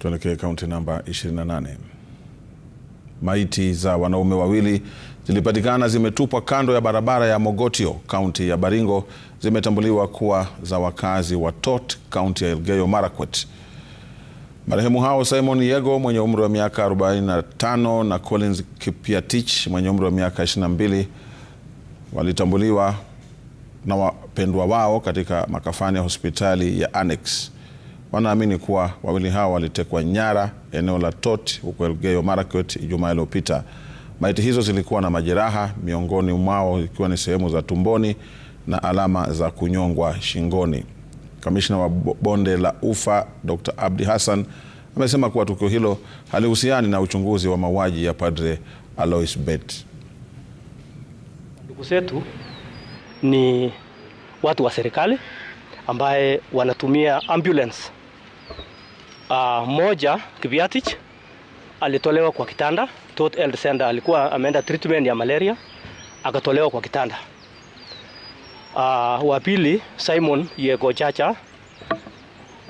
Tuelekee kaunti namba 28. Maiti za wanaume wawili zilipatikana zimetupwa kando ya barabara ya Mogotio, kaunti ya Baringo, zimetambuliwa kuwa za wakazi wa Tot, kaunti ya Elgeyo Marakwet. Marehemu hao Simon Yego mwenye umri wa miaka 45 na Collins Kipiatich mwenye umri wa miaka 22 walitambuliwa na wapendwa wao katika makafani ya hospitali ya anex wanaamini kuwa wawili hao walitekwa nyara eneo la Tot huko Elgeyo Marakwet Ijumaa iliyopita. Maiti hizo zilikuwa na majeraha, miongoni mwao ikiwa ni sehemu za tumboni na alama za kunyongwa shingoni. Kamishna wa bonde la Ufa Dr. Abdi Hassan amesema kuwa tukio hilo halihusiani na uchunguzi wa mauaji ya Padre Alois Bet. Ndugu zetu ni watu wa serikali ambaye wanatumia ambulance uh, moja Kibiatich alitolewa kwa kitanda Tot Health Center, alikuwa ameenda treatment ya malaria akatolewa kwa kitanda. Uh, wa pili Simon Yegochacha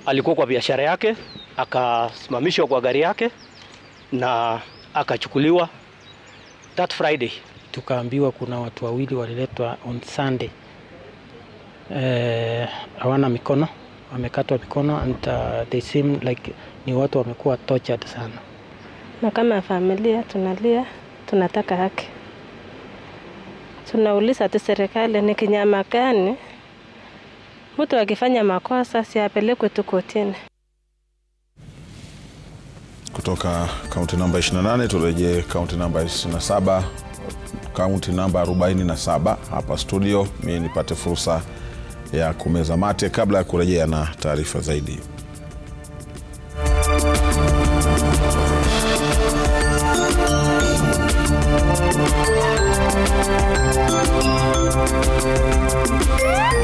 alikuwa kwa biashara yake akasimamishwa kwa gari yake na akachukuliwa that Friday. Tukaambiwa kuna watu wawili waliletwa on Sunday, eh, hawana mikono wamekatwa mikono and uh, they seem like ni watu wamekuwa tortured sana, na kama familia tunalia, tunataka haki. Tunauliza tu serikali, ni kinyama gani mtu akifanya makosa siapelekwe tu kotini. Kutoka kaunti namba 28 turejee kaunti namba 27, kaunti namba 47 hapa studio, mimi nipate fursa ya kumeza mate kabla ya kurejea na taarifa zaidi.